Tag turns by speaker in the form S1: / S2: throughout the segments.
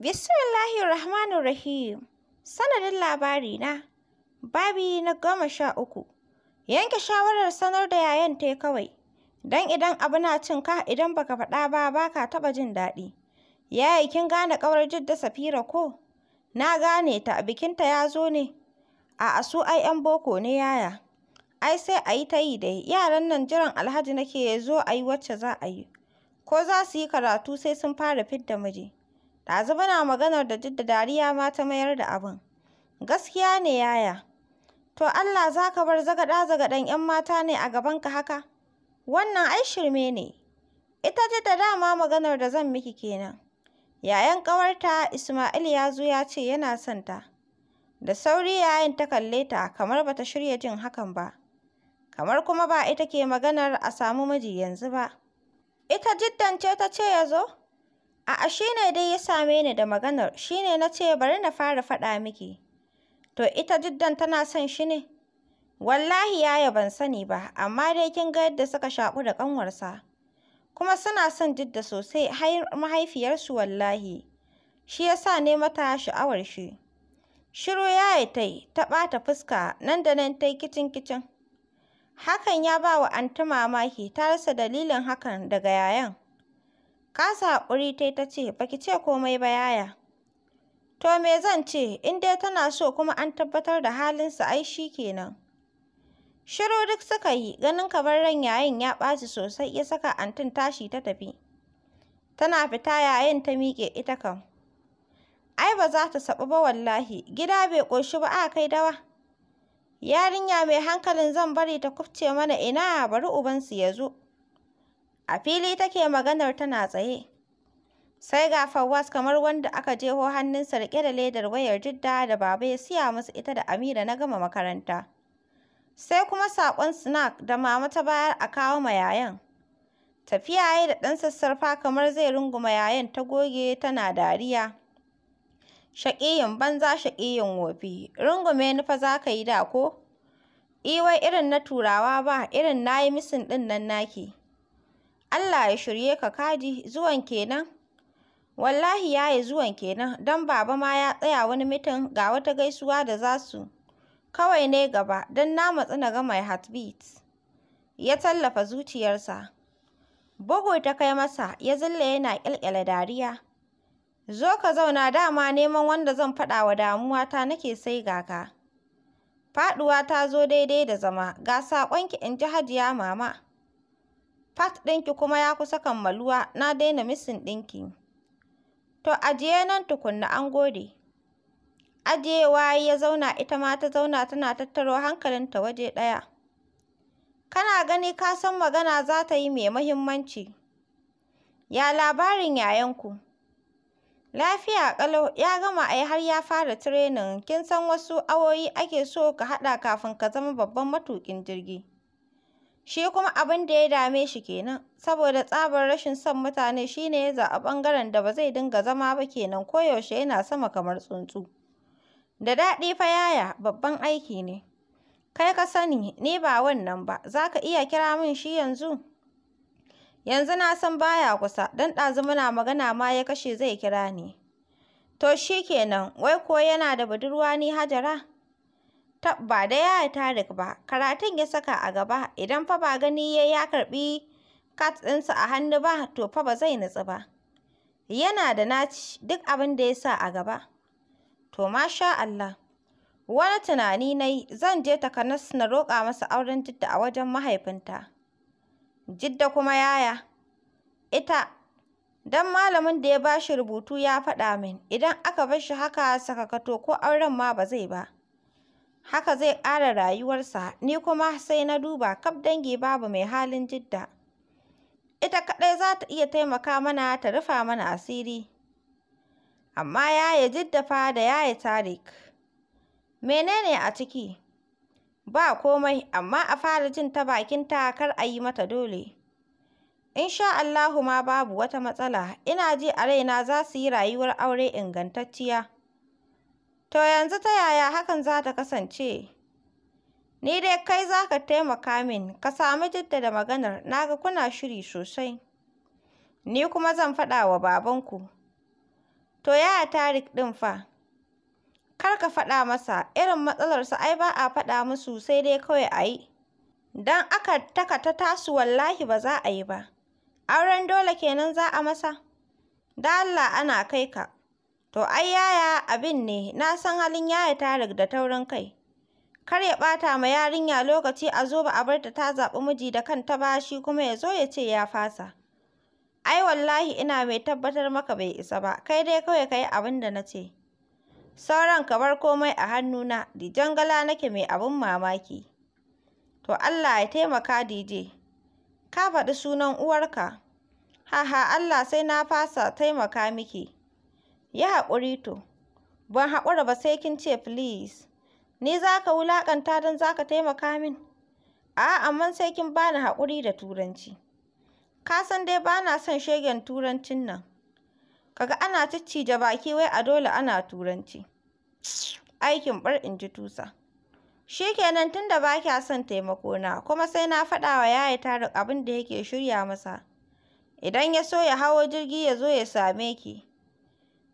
S1: Bismillahir Rahmanir Rahim. Sanadin labari na babi na goma sha uku. Yanke shawarar sanar da yayan ta kawai. Dan idan abu na cin ka idan baka faɗa ba baka taɓa jin daɗi. Yayi kin gane ƙawar Jidda Safira ko? Na gane ta bikinta ya zo ne. A asu ai 'yan boko ne yaya. Ai sai ayi yi ta yi dai. Yaran nan jiran Alhaji nake ya zo a yi wacce za a yi. Ko za su yi karatu sai sun fara fidda miji. Ɗazu bana maganar da duk da dariya ma ta mayar da abin. Gaskiya ne yaya. To Allah za ka bar zagaɗa-zagaɗan 'yan mata ne a gabanka haka? Wannan ai shirme ne. Ita ce da dama maganar da zan miki kenan. Yayan ƙawarta Ismail ya zo ya ce yana son ta. Da sauri yayin ta kalle ta kamar bata shirya jin hakan ba. Kamar kuma ba ita ke maganar a samu miji yanzu ba. Ita jiddan ce ta ce ya zo? A'a shi ne dai ya same ni da maganar, shi ne na ce bari na fara faɗa miki. To ita jiddan tana son shi ne? Wallahi yaya ban sani ba, amma dai kin ga yadda suka shaƙu da ƙanwarsa. Kuma suna son jidda sosai har mahaifiyarsu wallahi. Shi ya sa ne mata sha'awar shi. Shiru yaya ta yi, ta ɓata fuska, nan da nan ta yi kicin-kicin. Hakan ya ba wa anti mamaki, ta rasa dalilin hakan daga yayan. Kasa haƙuri ta yi ta ce, baki ce komai ba yaya. To me zan ce, in dai tana so kuma an tabbatar da halinsa ai shi kenan. Shiru duk suka yi, ganin kamar ran yayin ya ɓaci sosai ya saka antin tashi ta tafi. Tana fita yayin ta miƙe ita kam. Ai ba za ta saɓu ba wallahi, gida bai ƙoshi ba a kai dawa. Yarinya mai hankalin zan bari ta kufce mana ina bari ubansu ya zo. A fili take maganar tana tsaye. Sai ga Fawwas kamar wanda aka jeho hannunsa riƙe da ledar wayar jidda da baba ya siya musu ita da Amira na gama makaranta. Sai kuma saƙon snack da mama ta bayar a kawo ma yayan. Tafiya ya da ɗan sassarfa kamar zai runguma yayan ta goge tana dariya. Shaƙiyin banza shaƙiyin wofi, rungume ni fa za ka yi da ko? Iwai irin na turawa ba, irin na yi misin ɗin nan naki. Allah ya shirye ka Kadi, zuwan kenan. Wallahi yaye zuwan kenan, don baba ma ya tsaya wani mitin ga wata gaisuwa da za su kawai ne gaba, don na matsi na ga mai heartbeat. Ya tallafa zuciyarsa. Bugu ta kai masa, ya zille yana ƙyalƙyala dariya. Zo ka zauna dama neman wanda zan faɗa wa damuwata nake sai ga ka. Faɗuwa ta zo daidai da zama, ga saƙonki in ji Hajiya Mama. Fat ɗinki kuma ya kusa kammaluwa, na daina misin ɗinki. To ajiye nan tukunna an gode. Ajiyewa ya zauna ita ma ta zauna tana tattaro hankalinta waje ɗaya. Kana gani ka san magana za ta yi mai mahimmanci Ya labarin yayanku? Lafiya ƙalau, ya gama ai har ya fara tirenin. Kin san wasu awoyi ake so ka haɗa kafin ka zama babban matuƙin jirgi. Shi kuma abin da ya dame shi kenan, saboda tsabar rashin son mutane shine ne ya zaɓi ɓangaren da ba zai dinga zama ba kenan koyaushe yana sama kamar tsuntsu. Da daɗi fa yaya, babban aiki ne. Kai ka sani, ni ba wannan ba, za ka iya kira min shi yanzu? Yanzu na san baya kusa, don ɗazu muna magana ma ya kashe zai kira ni. To shi kenan, wai ko yana da budurwa ni Hajara? ba da yaya Tarik ba, karatun ya saka a gaba, idan fa ba gani ya ya karɓi kat ɗinsa a hannu ba, to fa ba zai nutsu ba. Yana da naci duk abin da ya sa a gaba. To masha Allah, wani tunani na yi, zan je takanas na roƙa masa auren Jidda a wajen mahaifinta. Jidda kuma yaya, ita, don malamin da ya ba shi rubutu ya faɗa min, idan aka bar shi haka sakakato ko auren ma ba zai ba. haka zai ƙara rayuwarsa ni kuma sai na duba kaf dangi babu mai halin jidda ita kaɗai za ta iya taimaka mana ta rufa mana asiri amma yaya jidda fa da yaya tarik menene a ciki ba komai amma a fara jin ta bakinta kar a yi mata dole sha Allahu ma babu wata matsala ina ji a raina za su yi rayuwar aure ingantacciya To yanzu ta yaya hakan za ta kasance? Ni dai kai za ka taimaka min, ka sami jaddada maganar, na ga kuna shiri sosai. Ni kuma zan faɗa wa babanku. To yaya Tarik ɗin fa? Kar ka faɗa masa, irin matsalar matsalarsa ai ba a faɗa musu sai dai kawai a yi. Don aka taka ta tasu wallahi ba za a yi ba. Auren dole kenan za a masa? Da Allah ana kai ka. To ai Yaya abin ne, na san halin Yaya tarik da taurin kai. Kar ya ɓata ma yarinya lokaci a zo ba a bar ta ta zaɓi miji da kanta ba shi kuma ya zo ya ce ya fasa. Ai wallahi ina mai tabbatar maka bai isa ba, kai dai kawai ka yi abin da na ce. Sauran ka bar komai a hannuna, dijangala nake mai abin mamaki. To Allah ya taimaka DJ. ka faɗi sunan uwarka. Haha Allah sai na fasa taimaka miki. Yi haƙuri to, ban haƙura ba sai kin ce please. Ni za ka wulaƙanta don za ka taimaka min? A'a, amma sai kin ba ni haƙuri da Turanci. Ka san dai ba na son shegen Turancin nan. Ka ga ana ciccije baki wai a dole ana Turanci. Aikin ɓar in ji tusa. Shi kenan tun da ba kya son taimakona, kuma sai na faɗawa wa yaya Tarik abin da yake shirya masa. Idan ya so ya hawo jirgi ya zo ya same ki.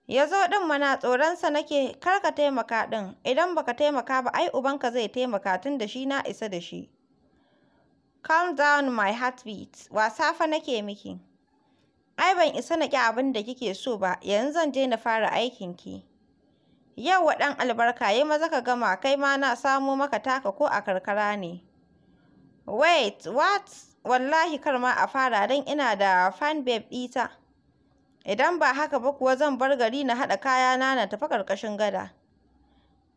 S1: ya zo ɗin mana tsoronsa nake kar ka taimaka ɗin idan baka taimaka ba ai ubanka zai taimaka tun da shi na isa da shi calm down my heartbeat wasa fa nake miki ai ban isa na ƙi abin da kike so ba yanzu zan je na fara aikin ki yauwa ɗan albarka yi maza ka gama kai ma na samo maka taka ko a karkara ne wait what wallahi kar ma a fara don ina da fan babe ɗita Idan ba haka ba kuwa zan bar gari na haɗa kayana na tafi ƙarƙashin gada.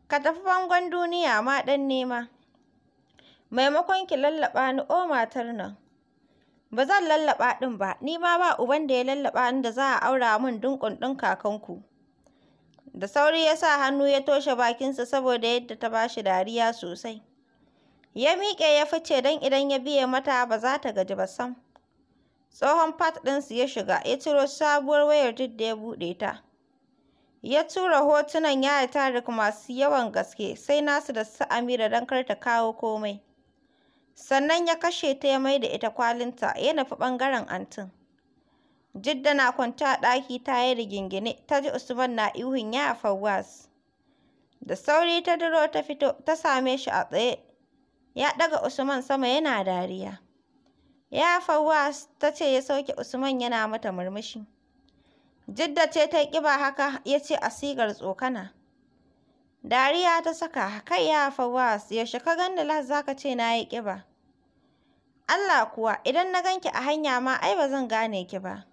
S1: Ka tafi bangon duniya ma ɗan nema. Maimakon ki lallaɓa ni o matar nan. Ba zan lallaɓa ɗin ba, ni ma ba uban da ya lallaɓa ni da za a aura min dunƙun ɗin kakanku. Da sauri ya sa hannu ya toshe bakinsa saboda yadda ta ba shi dariya sosai. Ya miƙe ya fice don idan ya biye mata ba za ta gaji ba sam. Tsohon fat ɗinsu ya shiga, ya ciro sabuwar wayar duk da ya buɗe ta. Ya tura hotunan ya Tarik masu yawan gaske, sai nasu da su Amira don kar ta kawo komai. Sannan ya kashe ta ya mai da ita kwalinta, ya nufi ɓangaren antin. Jidda na kwanta ɗaki ta yi rigingine, ta ji Usman na ihun ya fawas Da sauri ta duro ta fito, ta same shi a tsaye. Ya ɗaga Usman sama yana dariya. Ya Fawwas ta ce ya sauke Usman yana mata murmushi. Jidda ce ta ƙiba haka ya ce a sigar tsokana. Dariya ta saka kai ya Fawwas yaushe ka gan da za ka ce na yi ƙiba. Allah kuwa idan na ganki a hanya ma ai ba zan gane ki ba.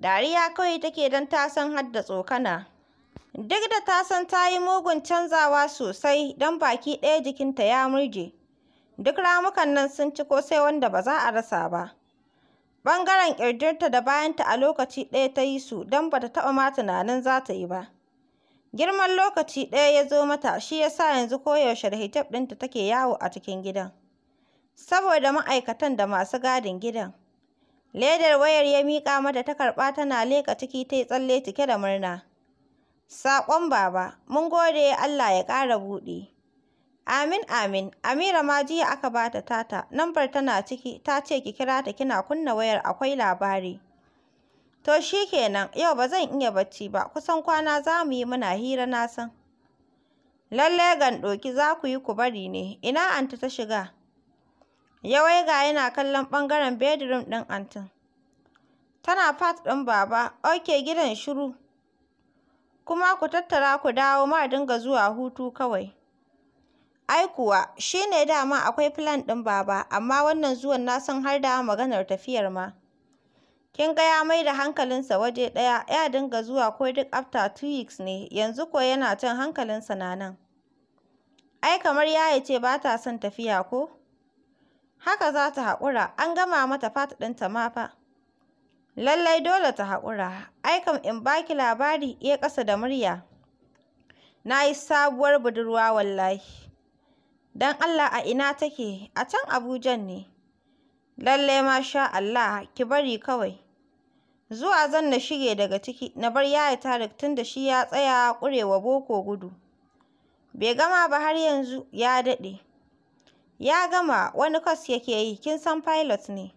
S1: Dariya kawai take don ta san hadda tsokana. Duk da ta san ta yi mugun canzawa sosai don baki ɗaya jikinta ya murje. Duk ramukan nan sun ci ko sai wanda ba za a rasa ba. Bangaren ƙirjinta da bayanta a lokaci ɗaya ta yi su don ba ta taɓa ma tunanin za ta yi ba. Girman lokaci ɗaya ya zo mata shi ya sa yanzu koyaushe da hijab ɗinta take yawo a cikin gidan. Saboda ma'aikatan da masu gadin gidan. Ledar wayar ya miƙa mata ta karɓa tana leƙa ciki ta yi tsalle cike da murna. Saƙon Baba, mun gode Allah ya ƙara buɗe. Amin amin. Amira ma jiya aka bata tata. Lambar tana ciki. Ta ce ki kira ta kina kunna wayar akwai labari. To shi kenan, yau ba zan iya bacci ba, kusan kwana za mu yi muna hira na san. Lallai gandoki za ku yi ku bari ne, ina anti ta shiga? Yawai ga yana kallon ɓangaren bedroom ɗin antin. Tana fat ɗin baba, oke gidan shiru. Kuma ku tattara ku dawo ma dinga zuwa hutu kawai. Ai kuwa, shi ne dama akwai filan ɗin Baba, amma wannan zuwan na san har da maganar tafiyar ma. Kin ga ya mai da hankalinsa waje ɗaya, ya dinga zuwa ko duk after two weeks ne, yanzu ko yana can hankalinsa na nan. Ai kamar ya ce ba ta son tafiya ko? Haka za ta haƙura, an gama mata fat ɗinta ma fa. Lallai dole ta haƙura, ai kam in ba ki labari, iya ƙasa da murya. Na yi sabuwar budurwa wallahi. Don Allah a ina take? A can Abujan ne. Lalle sha Allah, ki bari kawai. Zuwa zan na shige daga ciki, na bar Yaya Tarik tun da shi ya tsaya kurewa boko gudu. Bai gama ba har yanzu, ya daɗe. Ya gama, wani kwas yake yi, kin san pilot ne.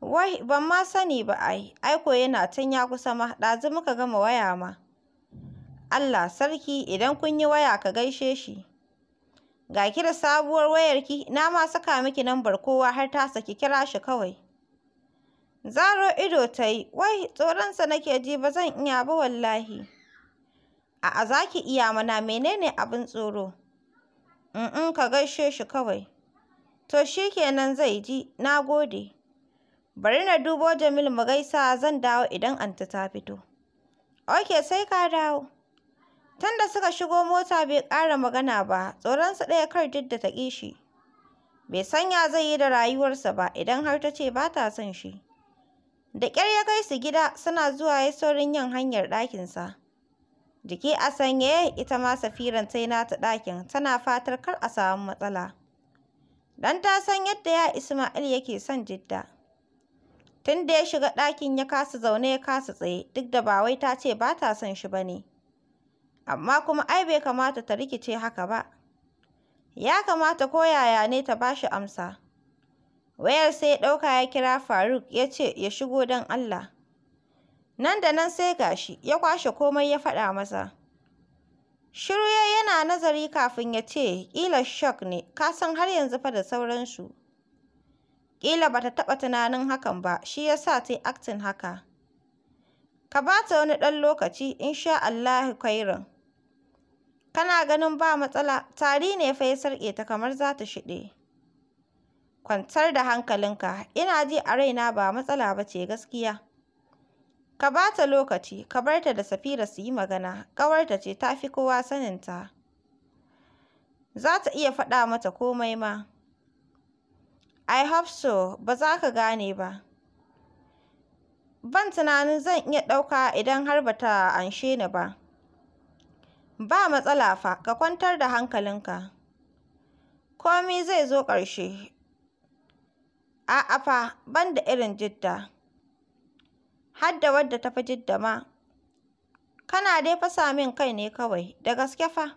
S1: Wai, ban ma sani ba ai, aiko yana tun ya kusa ma, ɗazu muka gama waya ma. Allah sarki, idan kun yi waya ka gaishe shi. ga ki da sabuwar wayarki na ma saka miki nambar kowa har ta saki kira shi kawai zaro ido ta yi wai tsoronsa nake ji ba zan iya ba wallahi a'a za ki iya mana menene abin tsoro in ka gaishe shi kawai to shi kenan zai ji na gode bari na dubo jamil mu gaisa zan dawo idan anta ta fito ok sai ka dawo Tun da suka shigo mota bai ƙara magana ba, tsoronsa ɗaya kar Jidda ta ƙi shi. Bai san ya zai yi da rayuwarsa ba idan har ta ce ba ta son shi. Da ƙyar ya kai su gida suna zuwa ya saurin yin hanyar ɗakinsa. Jiki a sanye ita ma Safiran ta yi nata ɗakin tana fatar kar a samu matsala. Dan ta san yadda ya Isma'il yake son Jidda. Tun da ya shiga ɗakin ya kasa zaune ya kasa tsaye duk da ba wai ta ce ba ta son shi ba ne. amma kuma ai bai kamata ta rikice haka ba. Ya kamata ko yaya ne ta ba shi amsa. Wayar sai ɗauka ya kira Faruk ya ce ya shigo don Allah. Nan da nan sai gashi ya kwashe komai ya faɗa masa. Shiru yana nazari kafin ya ce, ƙila shock ne, ka san har yanzu fa da sauransu. Ƙila ba ta taɓa tunanin hakan ba, shi ya sa ta yi aktin haka. Ka ba ta wani ɗan lokaci, insha Allahu khairan. Kana ganin ba matsala, tari ne fa ya sarƙe ta kamar za ta shiɗe. Kwantar da hankalinka, ina ji a raina ba matsala ba ce gaskiya. Ka ba ta lokaci, ka bar ta da Safira su yi magana, ƙawarta ce ta fi kowa saninta. Za ta iya faɗa mata komai ma. I hope so, ba za ka gane ba. Ban tunanin zan iya ɗauka idan har ba ta anshe ni ba. Ba matsala fa, ka kwantar da hankalinka. Komi zai zo ƙarshe. A'a fa, ban da irin Jidda. Har da wadda ta fi Jidda ma. Kana dai fasa min kai ne kawai, da gaske fa.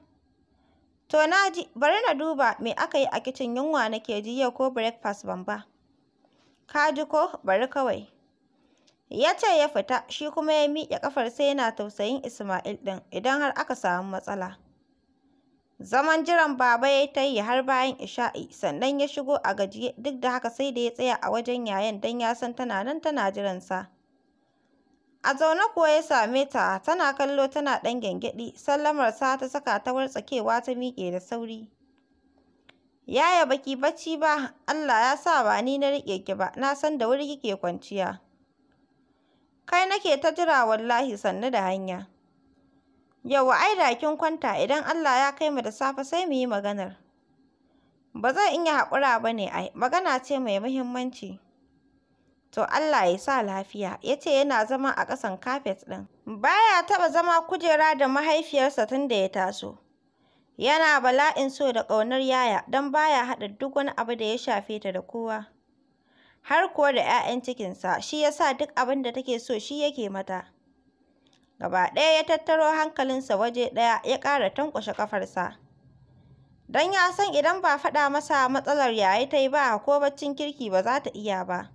S1: To na ji, bari na duba me aka yi a kicin yunwa nake ji yau ko breakfast ban ba. Ka ji ko, bari kawai. Ya ce ya fita, shi kuma ya miƙe ƙafar sai yana tausayin Ismail ɗin idan har aka samu matsala. Zaman jiran baba ya yi ta yi har bayan isha'i, sannan ya shigo a gajiye duk da haka sai da ya tsaya a wajen yayan don ya san tana nan tana jiran sa A zaune kuwa ya same ta, tana kallo tana ɗan gyangyaɗi, sallamar sa ta saka ta wartsakewa ta miƙe da sauri. Yaya baki bacci ba, Allah ya sa ba ni na riƙe ki ba, na san da wuri kike kwanciya. Kai nake ta jira wallahi sannu da hanya. Yau ai da kin kwanta idan Allah ya kai mu da safe sai mu yi maganar. Ba zan iya haƙura ba ne ai, magana ce mai muhimmanci. To Allah ya sa lafiya, ya ce yana zama a ƙasan kafet ɗin. Baya taɓa zama kujera da mahaifiyarsa tun da ya taso. Yana bala'in so da ƙaunar yaya don baya haɗa duk wani abu da ya shafe ta da kowa. har kuwa da 'ya'yan cikinsa, shi ya sa duk abin da take so shi yake mata. Gaba ɗaya ya tattaro hankalinsa waje ɗaya ya ƙara tankwashe ƙafarsa. Don ya san idan ba faɗa masa matsalar yayi ta yi ba ko baccin kirki ba za ta iya ba.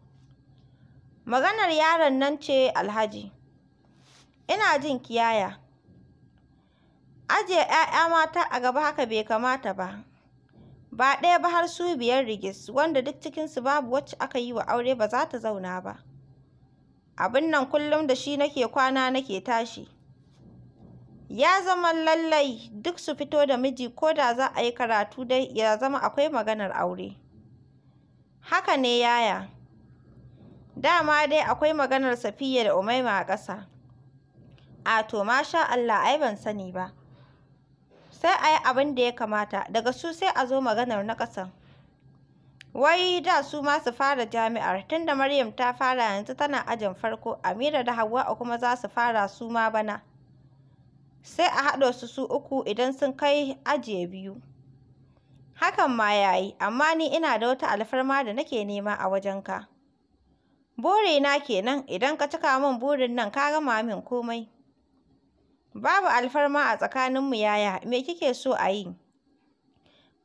S1: Maganar yaron nan ce Alhaji. Ina jin kiyaya. Ajiye 'ya'ya mata a gaba haka bai kamata ba. ba ɗaya ba har su biyar rigis wanda duk cikinsu babu wacce aka yi wa aure ba za ta zauna ba abin nan kullum da shi nake kwana nake tashi ya zama lallai duk su fito da miji ko da za a yi karatu dai ya zama akwai maganar aure haka ne yaya dama dai akwai maganar safiya da umaima a ƙasa a to masha Allah ai ban sani ba sai a yi abin da ya kamata daga su sai a zo maganar na ƙasan wai da su ma su fara jami'ar tun da Maryam ta fara yanzu tana ajin farko Amira da a kuma za su fara su ma bana sai a haɗo su su uku idan sun kai ajiye biyu hakan ma ya yi amma ni ina da wata alfarma da nake nema a wajen wajenka burina kenan idan ka cika min burin nan ka gama min komai Babu alfarma a tsakaninmu yaya, me kike so a yi?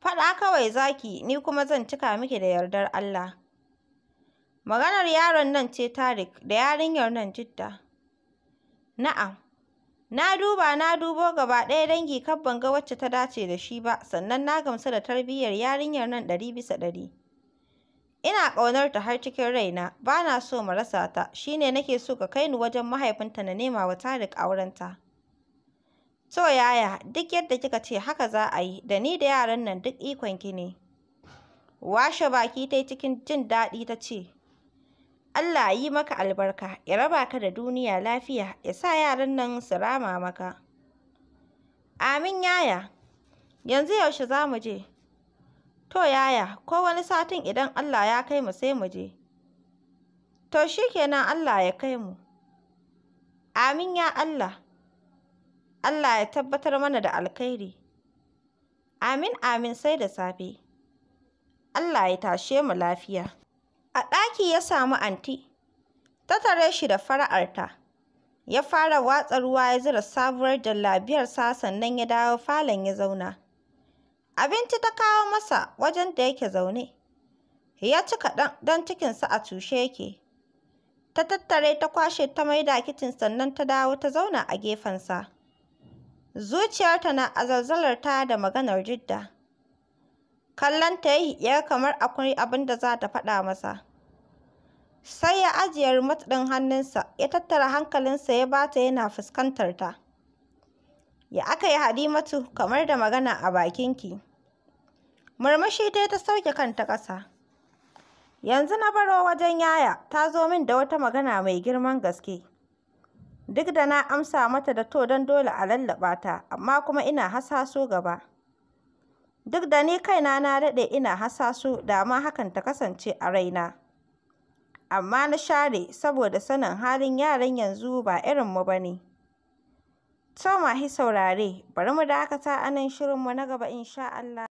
S1: Faɗa kawai zaki, ni kuma zan cika miki da yardar Allah. Maganar yaron nan ce Tarik da yarinyar nan Jidda. Na'am, na duba na dubo gaba ɗaya dangi kar ban ga wacce ta dace da shi ba, sannan na gamsu da tarbiyyar yarinyar nan ɗari bisa ɗari. Ina ƙaunar ta har cikin raina, ba na so mu rasa ta, shine nake so ka kai ni wajen mahaifinta na nema wa Tarik aurenta. To yaya, duk yadda kika ce haka za a yi, da ni da yaran nan duk ikonki ne. Washe baki ta cikin jin daɗi ta ce, Allah yi maka albarka, ya raba ka da duniya lafiya, ya sa yaran nan su rama maka. Amin yaya, yanzu yaushe za mu je? To yaya, ko wani satin idan Allah ya kai mu sai mu je. To shi kenan Allah ya kai mu. Amin ya Allah. Allah ya tabbatar mana da alkhairi. Amin amin sai da safe. Allah ya tashe mu lafiya. A ɗaki ya samu anti, ta tare shi da fara'arta. Ya fara watsa ruwa ya zura sabuwar jallabiyarsa sannan ya dawo falon ya zauna. Abinci ta kawo masa wajen da yake zaune. Ya ci kaɗan don cikinsa a tushe yake. Ta tattare ta kwashe ta maida kicin sannan ta dawo ta zauna a gefensa. Zuciyarta na azalzalarta da maganar Jidda. Kallon ta yi ya kamar akwai abin da za ta faɗa masa. Sai ya ajiye remote hannunsa, ya tattara hankalinsa ya ba ta yana fuskantar ta. Ya aka yi Halimatu kamar da magana a bakinki. Murmushi ta ta sauke kanta ƙasa. Yanzu na baro wajen yaya, ta zo min da wata magana mai girman gaske. Duk da na amsa mata da to don dole a lallaɓa ta, amma kuma ina hasaso gaba. Duk da ni kaina na daɗe ina hasaso da ma hakan ta kasance a raina. Amma na share saboda sanin halin yaran yanzu ba irinmu ba ne. To saurare, bari mu dakata a nan shirinmu na gaba insha Allah.